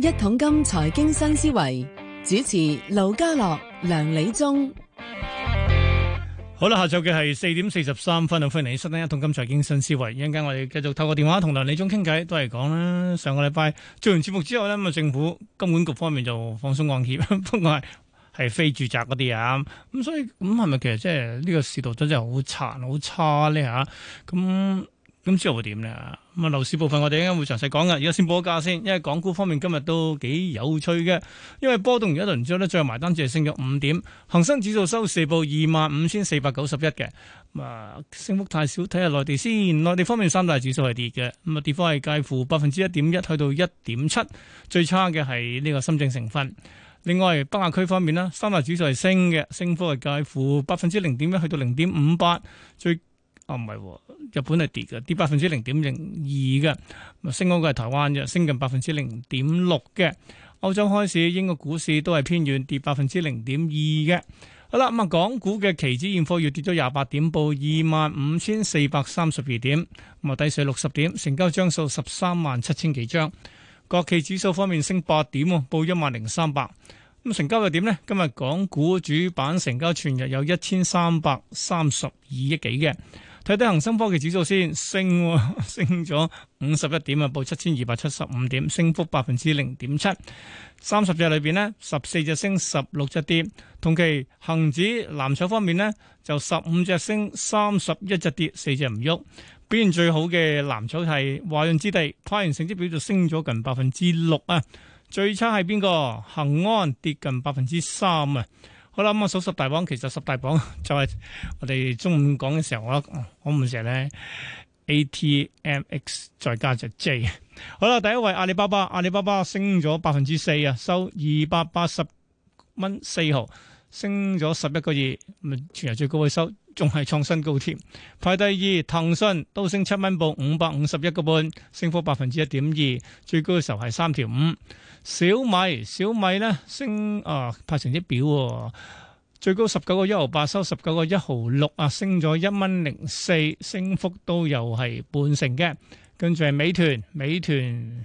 一桶金財經新思維主持盧家樂梁理中，好啦，下晝嘅係四點四十三分啊，歡迎你收聽一桶金財經新思維。一陣間我哋繼續透過電話同梁理中傾偈，都係講啦，上個禮拜做完節目之後呢，咁啊政府金管局方面就放鬆按揭，不過係非住宅嗰啲啊，咁所以咁係咪其實即係呢個市道真係好殘好差呢？吓？咁。咁之後會點呢？咁啊，樓市部分我哋應該會詳細講噶。而家先報下價先，因為港股方面今日都幾有趣嘅，因為波動完一輪，之後呢，最後埋單只係升咗五點。恒生指數收市報二萬五千四百九十一嘅，啊，升幅太少，睇下內地先。內地方面三大指數係跌嘅，咁啊，跌幅係介乎百分之一點一去到一點七，最差嘅係呢個深證成分。另外，北亞區方面呢三大指數係升嘅，升幅係介乎百分之零點一去到零點五八，最。啊，唔係、哦哦、日本係跌嘅，跌百分之零點零二嘅。升嗰個係台灣啫，升近百分之零點六嘅。歐洲開市英國股市都係偏軟，跌百分之零點二嘅。好啦，咁啊，港股嘅期指現貨要跌咗廿八點，報二萬五千四百三十二點。咁啊，低水六十點，成交張數十三萬七千幾張。國企指數方面升八點喎，報一萬零三百。咁成交又點呢？今日港股主板成交全日有一千三百三十二億幾嘅。睇睇恒生科技指數先，升，升咗五十一點啊，報七千二百七十五點，升幅百分之零點七。三十隻裏邊呢，十四隻升，十六隻跌。同期恒指藍籌方面呢，就十五隻升，三十一隻跌，四隻唔喐。表現最好嘅藍籌係華潤置地，跨年成績表就升咗近百分之六啊。最差係邊個？恒安跌近百分之三啊。我諗我數十大榜，其實十大榜就係我哋中午講嘅時候，我我唔成日咧，ATMX 再加隻 J。好啦，第一位阿里巴巴，阿里巴巴升咗百分之四啊，收二百八十蚊四毫，升咗十一個二，咁全日最高位收。.仲係創新高貼，排第二。騰訊都升七蚊，報五百五十一個半，升幅百分之一點二，最高嘅時候係三條五。小米小米呢升啊，拍成啲表喎，最高十九個一毫八，收十九個一毫六啊，升咗一蚊零四，升幅都又係半成嘅。跟住係美團，美團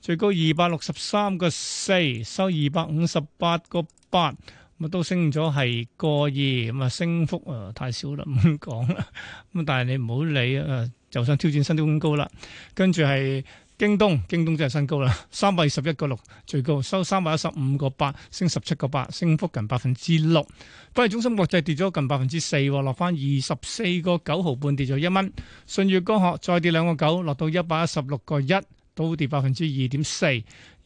最高二百六十三個四，收二百五十八個八。都升咗係個二，咁啊升幅啊太少啦，唔講講。咁但係你唔好理啊，就想挑戰新高咁高啦。跟住係京東，京東真係新高啦，三百二十一個六最高，收三百一十五個八，升十七個八，升幅近百分之六。不過中芯國際跌咗近百分之四，落翻二十四個九毫半，跌咗一蚊。舜宇光學再跌兩個九，落到一百一十六個一。都跌百分之二點四，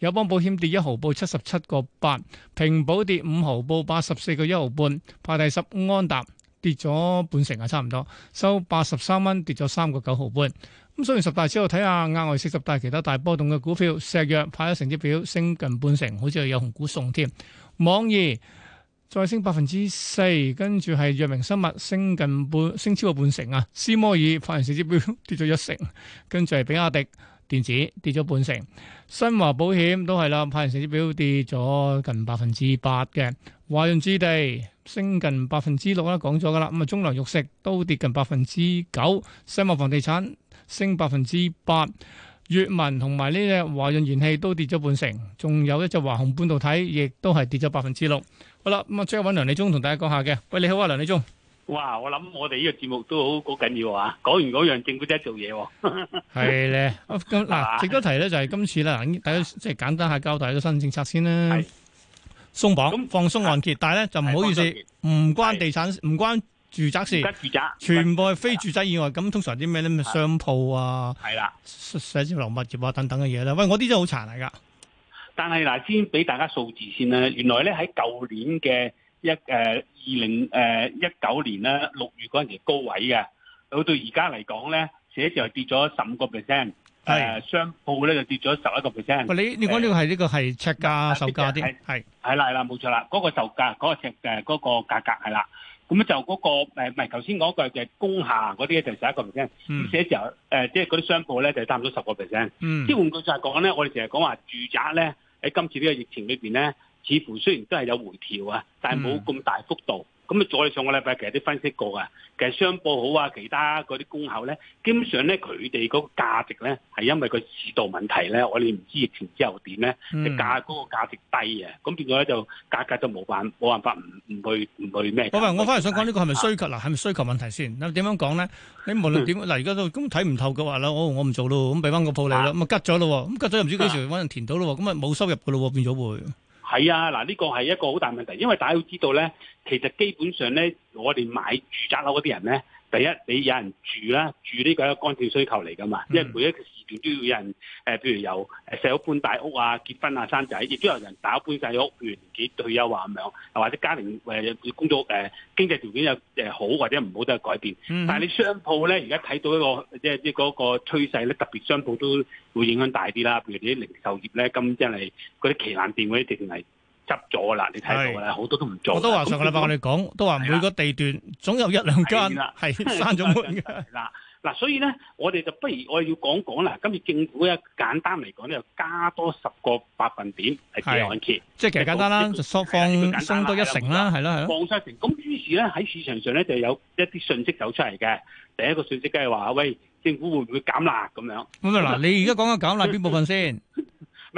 友邦保險跌一毫，報七十七個八；平保跌五毫，報八十四個一毫半。排第十安達跌咗半成啊，差唔多收八十三蚊，跌咗三個九毫半。咁，雖然十大之後睇下額外四十大其他大波動嘅股票，石藥派咗成績表，升近半成，好似有紅股送添。網易再升百分之四，跟住係藥明生物升近半，升超過半成啊。斯摩爾派完成績表，跌咗一成，跟住係比亞迪。電子跌咗半成，新華保險都係啦，派人成績表跌咗近百分之八嘅，華潤置地升近百分之六啦，講咗噶啦，咁啊中糧肉食都跌近百分之九，世茂房地產升百分之八，粵文同埋呢隻華潤燃氣都跌咗半成，仲有一隻華虹半導體亦都係跌咗百分之六，好啦，咁啊即係揾梁理中同大家講一下嘅。喂，你好啊，梁理中。哇！我諗我哋呢個節目都好好緊要啊！講完嗰樣，政府真係做嘢。係咧，咁嗱，值得提咧就係今次啦。大家即係簡單下交代個新政策先啦。係。鬆綁，放鬆按揭，但係咧就唔好意思，唔關地產，唔關住宅事。住宅。全部係非住宅以外，咁通常啲咩咧？咩商鋪啊？係啦。寫字樓物業啊，等等嘅嘢啦。喂，我啲真係好殘嚟噶。但係嗱，先俾大家數字先啦。原來咧喺舊年嘅。一誒二零誒一九年咧六月嗰陣時高位嘅，到到而家嚟講咧，寫字樓跌咗十五個 percent，誒商鋪咧就跌咗十一個 percent。你你講呢個係呢、呢個係呎價售價啲係係啦係啦冇錯啦，嗰個售價嗰個呎誒嗰個價格係啦，咁就嗰、嗰個唔係頭先講句嘅工廈嗰啲咧就十一個 percent，咁寫字樓誒即係嗰啲商鋪咧就差唔多十個 percent。即係、嗯、換句就係講咧，我哋成日講話住宅咧喺今次呢個疫情裏邊咧。似乎雖然都係有回調啊，但係冇咁大幅度。咁啊，再上個禮拜其實都分析過啊。其實商鋪好啊，其他嗰啲工口咧，基本上咧佢哋嗰個價值咧係因為個市道問題咧，我哋唔知疫情之後點咧，價嗰個價值低啊。咁結果咧就價格就冇辦冇辦法唔唔去唔去咩？我反而想講呢個係咪需求嗱係咪需求問題先？點樣講咧？你無論點嗱而家都咁睇唔透嘅話啦，我我唔做咯，咁俾翻個鋪你啦，咁啊吉咗咯，咁吉咗又唔知幾時可能填到咯，咁啊冇收入嘅咯，變咗會。係啊，嗱、這、呢個係一個好大問題，因為大家都知道咧，其實基本上咧，我哋買住宅樓嗰啲人咧。第一，你有人住啦，住呢個係一個乾淨需求嚟㗎嘛，因為每一個時段都要有人誒，譬如有誒細屋搬大屋啊，結婚啊，生仔亦都有人打搬細屋，換幾對優化咁，又或者家庭誒工作誒經濟條件又好或者唔好都有改變。嗯、但係你商鋪咧，而家睇到一個即係即係嗰個趨勢咧，特別商鋪都會影響大啲啦。譬如啲零售業咧，咁即係嗰啲旗艦店嗰啲直情係。執咗啦，你睇到啦，好是多都唔做。我都話上個禮拜我哋講，嗯、都話每個地段總有一兩間係閂咗門。嗱嗱，所以咧，我哋就不如我要講講啦。今次政府咧，簡單嚟講咧，加多十個百分點係按揭，即係其實簡單啦，就雙放升多一成啦，係啦係咯，降成。咁於是咧喺市場上咧就有一啲訊息走出嚟嘅。第一個訊息梗係話，喂，政府會唔會減辣咁樣？咁嗱麼，樣你而家講緊減辣邊部分先？唔係、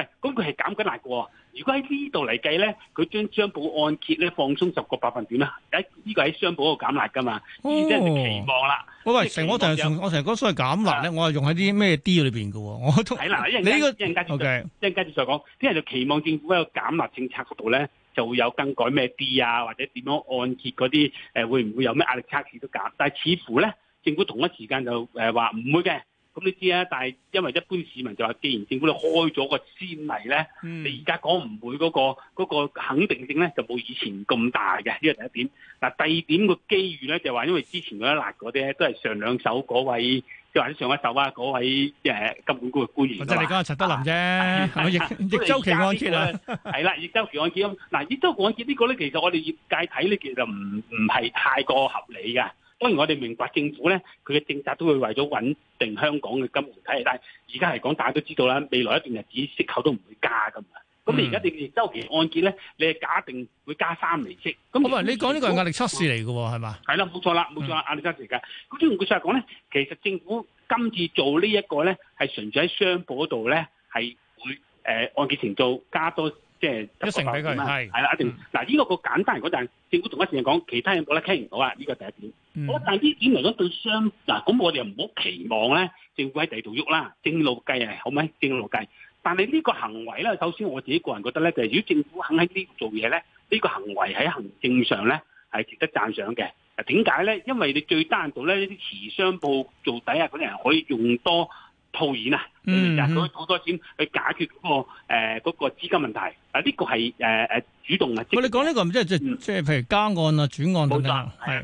嗯，咁佢係減緊辣嘅。如果喺呢度嚟計咧，佢將商保按揭咧放鬆十個百分點啦，喺呢個喺商保度減辣噶嘛，依即係期望啦。喂喂，成我成日我成日講所謂減辣咧，的我係用喺啲咩 D 裏邊嘅喎，我都人家你、呢個一陣間再講，一陣間再講，啲人就期望政府喺個減辣政策嗰度咧就會有更改咩 D 啊，或者點樣按揭嗰啲誒會唔會有咩壓力測試都減，但係似乎咧政府同一時間就誒話唔會嘅。咁你知啦，但係因為一般市民就話，既然政府咧開咗個先例咧，嗯、你而家講唔會嗰、嗰個嗰個肯定性咧，就冇以前咁大嘅，呢個第一點。嗱，第二點個機遇咧，就話因為之前嗰一辣啲咧，都係上兩手嗰位，即係上一手啊嗰位誒、即係即係、金管局嘅官員，我真你講阿、呃、陳德林啫，的的逆的逆周期案件啦，係啦， 逆周期案件。嗱，逆週案件呢個咧，其實我哋業界睇咧，其實唔唔係太過合理嘅。當然我哋明白政府咧，佢嘅政策都會為咗穩定香港嘅金融體系，但係而家嚟講，大家都知道啦，未來一段日子息口都唔會加噶嘛。咁你而家定期週期按揭咧，你係假定會加三厘息。咁你講呢個係壓力測試嚟㗎喎，係嘛？係啦，冇錯啦，冇錯啦，嗯、壓力測試㗎。咁用句説話講咧，其實政府今次做呢一個咧，係純粹喺商鋪嗰度咧，係會誒按揭程度加多。即係一定俾佢係係啦，一定嗱，呢、嗯嗯、個個簡單嗰陣，政府同一時間講，其他人覺得聽唔到啊，呢、這個第一點。嗯，但係呢點嚟講對商嗱，咁我哋又唔好期望咧，政府喺地圖喐啦，正路計係好唔係？正路計。但係呢個行為咧，首先我自己個人覺得咧，就係、是、如果政府肯喺呢度做嘢咧，呢、這個行為喺行政上咧係值得讚賞嘅。點解咧？因為你最低限度咧，啲持商報做底啊，嗰啲人可以用多。套現啊！又攞好多錢去解決嗰、那個誒嗰、呃那個、資金問題啊！呢、這個係誒誒主動啊、這個就是！我你講呢個唔，即係即係譬如加按啊，轉按，冇錯，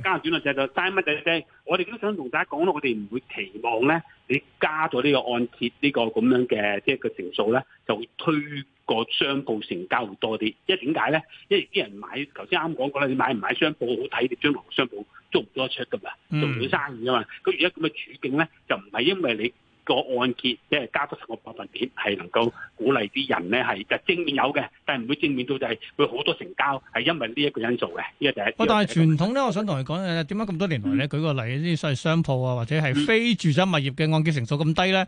加按轉按就係個單位仔，我哋都想同大家講咯，我哋唔會期望咧，你加咗、就是、呢個按揭呢個咁樣嘅即係個成數咧，就會推個商鋪成交會多啲。因為點解咧、就是？因為啲人買頭先啱講過啦，你買唔買商鋪好睇你將來商鋪租唔租得出噶嘛？做唔到生意噶嘛？咁而家咁嘅處境咧，就唔係因為你。個按揭即係加多十個百分點，係能夠鼓勵啲人咧係就正面有嘅，但係唔會正面到就係會好多成交係因為呢一個因素嘅，呢、這個就係。我但係傳統咧，我想同你講誒，點解咁多年來咧，嗯、舉個例即係所謂商鋪啊，或者係非住宅物業嘅按揭成數咁低咧，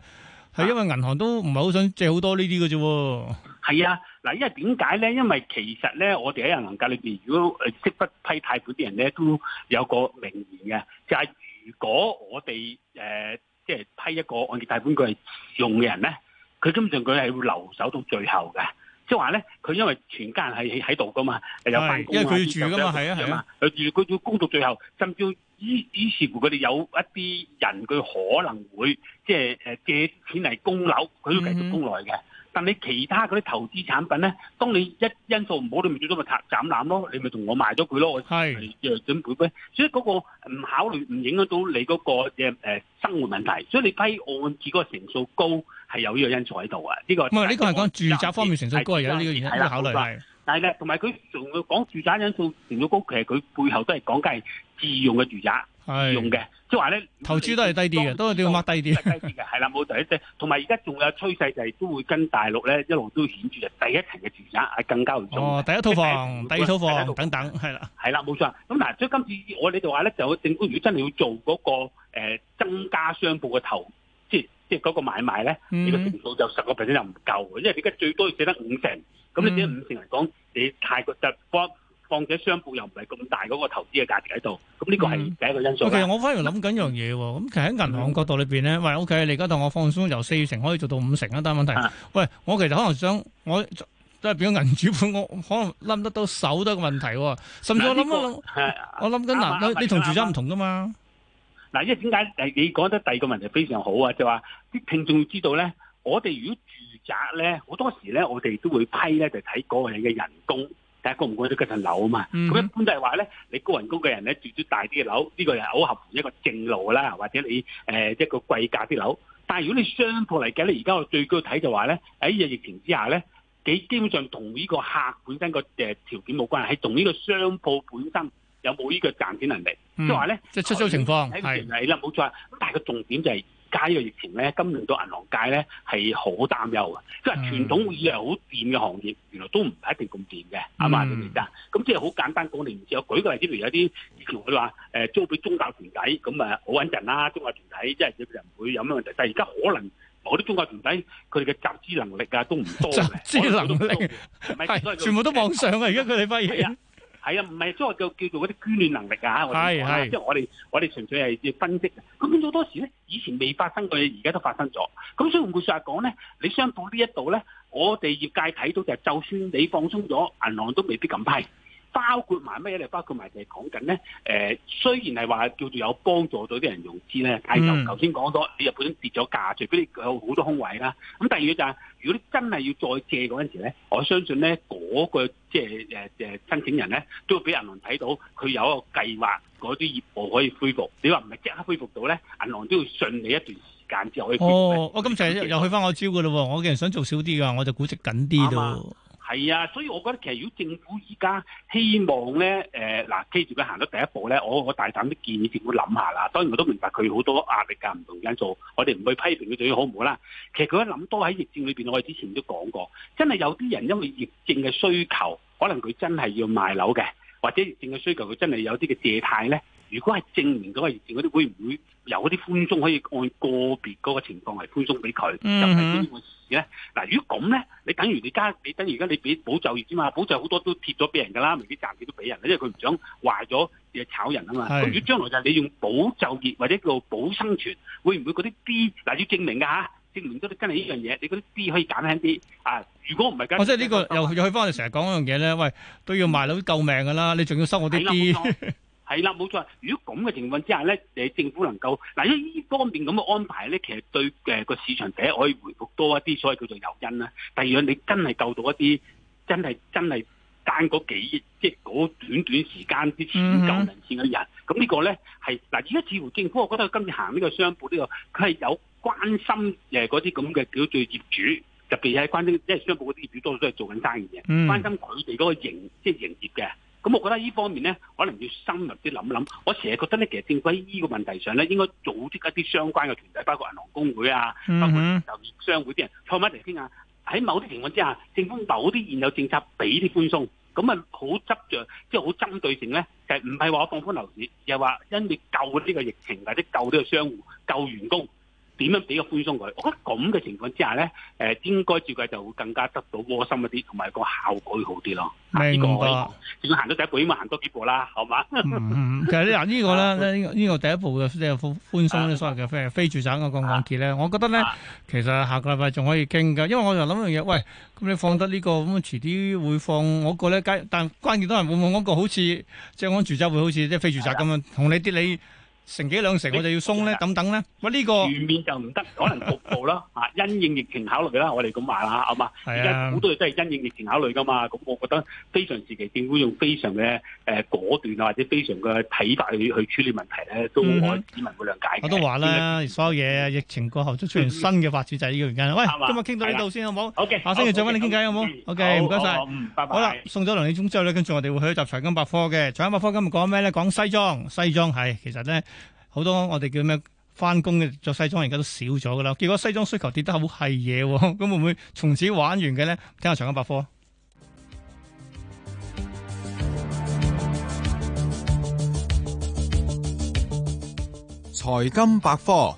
係、嗯、因為銀行都唔係好想借好多呢啲嘅啫。係啊，嗱，因為點解咧？因為其實咧，我哋喺銀行界裏邊，如果誒識得批貸款啲人咧，都有個名言嘅，就係、是、如果我哋誒。呃即係批一個按揭貸款佢係用嘅人咧，佢根本上佢係會留守到最後嘅，即係話咧，佢因為全家人係喺喺度噶嘛，有辦公後啊，係啊，佢住佢要工作最後，甚至於於，於是乎佢哋有一啲人佢可能會即係誒借錢嚟供樓，佢都繼續供耐嘅。嗯但你其他嗰啲投資產品咧，當你一因素唔好，你咪最終咪拆斬攬咯，你咪同我賣咗佢咯，我弱準備歸，所以嗰個唔考慮唔影響到你嗰、那個誒、呃、生活問題，所以你批按住嗰個成數高係有呢個因素喺度啊，呢、這個係係呢講住宅方面成數高而是有呢個原因都考慮係，但係咧同埋佢仲佢講住宅因素是成數高，其實佢背後都係講緊係自用嘅住宅。係是用嘅，即係話咧，投資都係低啲嘅，都係要抹低啲，低啲嘅係啦，冇第一啲。同埋而家仲有趨勢就係都會跟大陸咧一路都顯著就第一層嘅住宅，係更加唔錯。哦，第一套房、是第二套房、嗯、等等，係啦，係啦，冇錯。咁嗱，所以今次我哋就話咧，就政府如果真係要做嗰、那個誒、呃、增加商鋪嘅投，即係即係嗰個買賣咧，呢個成數就十個 percent 又唔夠，因為而家最多借得五成，咁你借得五成嚟講，嗯、你太過特放者商鋪又唔係咁大嗰個投資嘅價值喺度，咁呢個係第一個因素其實、嗯 okay, 我反而諗緊一樣嘢喎，咁其實喺銀行角度裏邊咧，喂，O、okay, K，你而家當我放鬆由四成可以做到五成啦，但、那、係、個、問題，啊、喂，我其實可能想，我即係變咗銀主本，我可能冧得到手都係個問題喎，甚至我諗我諗緊，嗱，啊啊、你你同住宅唔同噶嘛？嗱、啊，因為點解？你講得第二個問題非常好啊，就話、是、啲聽眾要知道咧，我哋如果住宅咧，好多時咧，我哋都會批咧，就睇嗰個人嘅人工。睇高唔高得嗰層樓啊嘛，咁、mm hmm. 一般就係話咧，你高人工嘅人咧住咗大啲嘅樓，呢、這個係好合乎一個正路啦，或者你誒、呃、一個貴價啲樓。但係如果你商鋪嚟計咧，而家我最高睇就話咧，喺呢個疫情之下咧，幾基本上同呢個客本身個誒條件冇關係，喺同呢個商鋪本身有冇呢個賺錢能力，mm hmm. 呢即係話咧，即係出租情況係啦，冇錯呀。咁是但係個重點就係、是。街嘅疫情咧，今輪到銀行界咧係好擔憂嘅，嗯、即係傳統會以為好掂嘅行業，原來都唔一定咁掂嘅，啱嘛、嗯？你明唔明啊？咁即係好簡單講你唔知我舉個例子，例如有啲以前我話誒租俾宗教團體，咁啊好穩陣啦，宗教團體即係佢就唔會有咩問題，但係而家可能某啲宗教團體佢哋嘅集資能力啊都唔多嘅， 集資能力係全部都望上啊，而家佢哋批嘢。係啊，唔係所謂叫叫做嗰啲捐暖能力啊！我哋即係我哋我哋純粹係要分析。咁變咗好多時咧，以前未發生過嘅嘢，而家都發生咗。咁所以換句實話講咧，你商鋪呢一度咧，我哋業界睇到就係，就算你放鬆咗，銀行都未必咁批。包括埋乜嘢？包括埋就係講緊咧。誒、呃，雖然係話叫做有幫助到啲人融資咧，但係就頭先講咗，你日本跌咗價值，除非你有好多空位啦。咁第二嘅就係、是，如果你真係要再借嗰陣時咧，我相信咧嗰、那個即係誒誒申請人咧，都會俾銀行睇到佢有一個計劃，嗰啲業務可以恢復。你話唔係即刻恢復到咧，銀行都要信你一段時間之後可以恢復哦。哦，我今次又去翻我招嘅嘞喎，我既然想做少啲噶，我就估值緊啲到。哦哦哦哦係啊，所以我覺得其實如果政府而家希望咧，誒、呃、嗱，跟住佢行咗第一步咧，我我大膽啲建議政府諗下啦。當然我都明白佢好多壓力㗎，唔同因素，我哋唔去批評佢點樣好唔好啦。其實佢一諗多喺疫症裏面，我哋之前都講過，真係有啲人因為疫症嘅需求，可能佢真係要賣樓嘅，或者疫症嘅需求佢真係有啲嘅借貸咧。如果係證明嗰個疫症嗰啲，會唔會？由嗰啲寬鬆可以按個別嗰個情況嚟寬鬆俾佢，就係、嗯、哼呢樣嘢咧。嗱，如果咁咧，你等如你家，你等如而家你俾保就業之嘛，保就好多都貼咗俾人噶啦，未必賺嘅都俾人，因為佢唔想壞咗誒、就係、炒人啊嘛。是如果將來就係你用保就業或者叫做保生存，會唔會嗰啲 B？嗱，要證明嘅吓，證明都跟住呢樣嘢，你嗰啲 B 可以減輕啲啊。如果唔係，我、啊、即係呢、呢個又又去翻我成日講嗰樣嘢咧，喂，都要賣樓救命㗎啦，你仲要收我啲 B？ 係啦，冇錯。如果咁嘅情況之下咧，政府能夠嗱，因為呢方面咁嘅安排咧，其實對誒個市場第一可以回復多一啲，所謂叫做誘因啦。第二樣，你真係救到一啲，真係真係間嗰幾億，即係嗰短短時間之前千九萬嗰嘅人。咁、mm hmm。呢個咧係嗱，而家似乎政府，我覺得今日行呢個商鋪呢個，佢係有關心嗰啲咁嘅叫做業主，特別係關心即係商鋪嗰啲業主，多數都係做緊生意嘅，關心佢哋嗰個營即係、就是、營業嘅。咁、嗯、我覺得呢方面咧，可能要深入啲諗一諗。我成日覺得咧，其實政府喺呢個問題上咧，應該組織一啲相關嘅團體，包括銀行公會啊，包括業業商會啲人，坐埋一齊傾啊。喺某啲情況之下，政府某啲現有政策俾啲寬鬆，咁啊好執着，即係好針對性咧，就係唔係話放寬樓市，又話因為救呢個疫情，或者救呢個商戶、救員工。點樣比較寬鬆佢？我覺得咁嘅情況之下咧，誒應該照計就會更加得到窩心一啲，同埋個效果會好啲咯。呢白、啊呢個可以，行到第一步，已經行多幾步啦，係嘛、 嗯？其實嗱，呢個咧，呢個第一步嘅即係寬寬鬆、啊、所謂嘅非非住宅嘅個案咧，啊、我覺得咧，啊、其實下個禮拜仲可以傾㗎，因為我就諗一樣嘢，喂，咁你放得呢、這個咁，遲啲會放嗰個咧？但關鍵都係會唔會嗰個好似即係講住宅會好似啲非住宅咁樣，同你啲你。你成幾兩成我就要鬆咧，等等咧。喂，呢個全面就唔得，可能局部咯。啊，因應疫情考慮啦，我哋咁話啦，好嘛？而家好多嘢都係因應疫情考慮噶嘛。咁我覺得非常時期政府用非常嘅誒果斷啊，或者非常嘅睇法去去處理問題咧，都我市民會理解。我都話啦，所有嘢疫情過後都出現新嘅發展，就係呢個原因啦。喂，今日傾到呢度先，好冇？好嘅，下星期再揾你傾偈，好冇？好嘅，唔該曬，好啦，送咗梁理中之後咧，跟住我哋會去一集財經百科嘅財經百科，今日講咩咧？講西裝，西裝係其實咧。好多我哋叫咩返工嘅着西裝，而家都少咗㗎喇。結果西裝需求跌得好係嘢，咁會唔會從此玩完嘅呢？聽下財經百科。財金百科。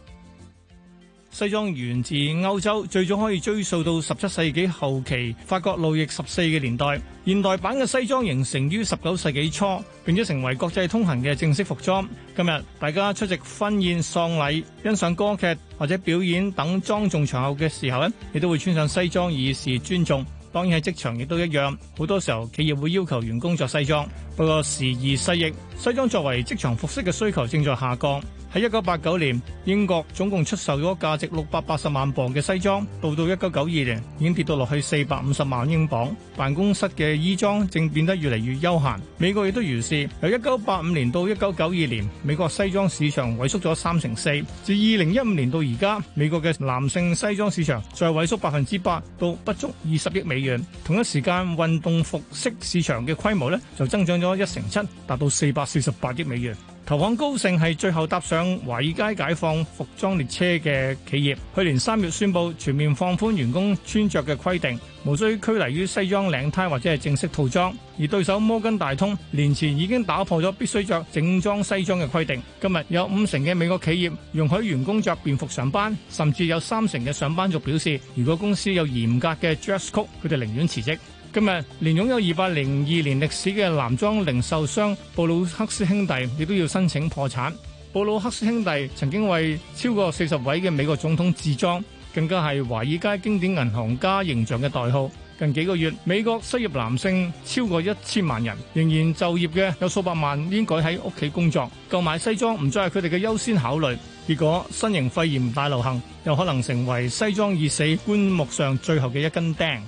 西裝源自歐洲，最早可以追溯到十七世紀後期法國路易十四嘅年代。現代版嘅西裝形成於十九世紀初，並且成為國際通行嘅正式服裝。今日大家出席婚宴、喪禮、欣賞歌劇或者表演等莊重場合嘅時候咧，亦都會穿上西裝以示尊重。當然喺職場亦都一樣，好多時候企業會要求員工着西裝。不過時移勢易，西裝作為職場服飾嘅需求正在下降。喺一九八九年，英國總共出售咗價值六百八十萬磅嘅西裝，到到一九九二年已經跌到落去四百五十萬英鎊。辦公室嘅衣裝正變得越嚟越休閒。美國亦都如是，由一九八五年到一九九二年，美國西裝市場萎縮咗三成四。至二零一五年到而家，美國嘅男性西裝市場再萎縮百分之八，到不足二十億美元。同一時間，運動服飾市場嘅規模呢，就增長咗。多一成七，達到四百四十八億美元。投行高盛係最後搭上華爾街解放服裝列車嘅企業，去年三月宣布全面放寬員工穿着嘅規定，無需拘泥於西裝領呔或者係正式套裝。而對手摩根大通年前已經打破咗必須着正裝西裝嘅規定。今日有五成嘅美國企業容許員工着便服上班，甚至有三成嘅上班族表示，如果公司有嚴格嘅 dress code，佢哋寧願辭職。今日連擁有二百零二年歷史嘅男裝零售商布魯克斯兄弟亦都要申請破產。布魯克斯兄弟曾經為超過四十位嘅美國總統置裝，更加係華爾街經典銀行家形象嘅代號。近幾個月，美國失業男性超過一千萬人，仍然就業嘅有數百萬，應該喺屋企工作。購買西裝唔再係佢哋嘅優先考慮。結果新型肺炎大流行，又可能成為西裝已死棺木上最後嘅一根釘。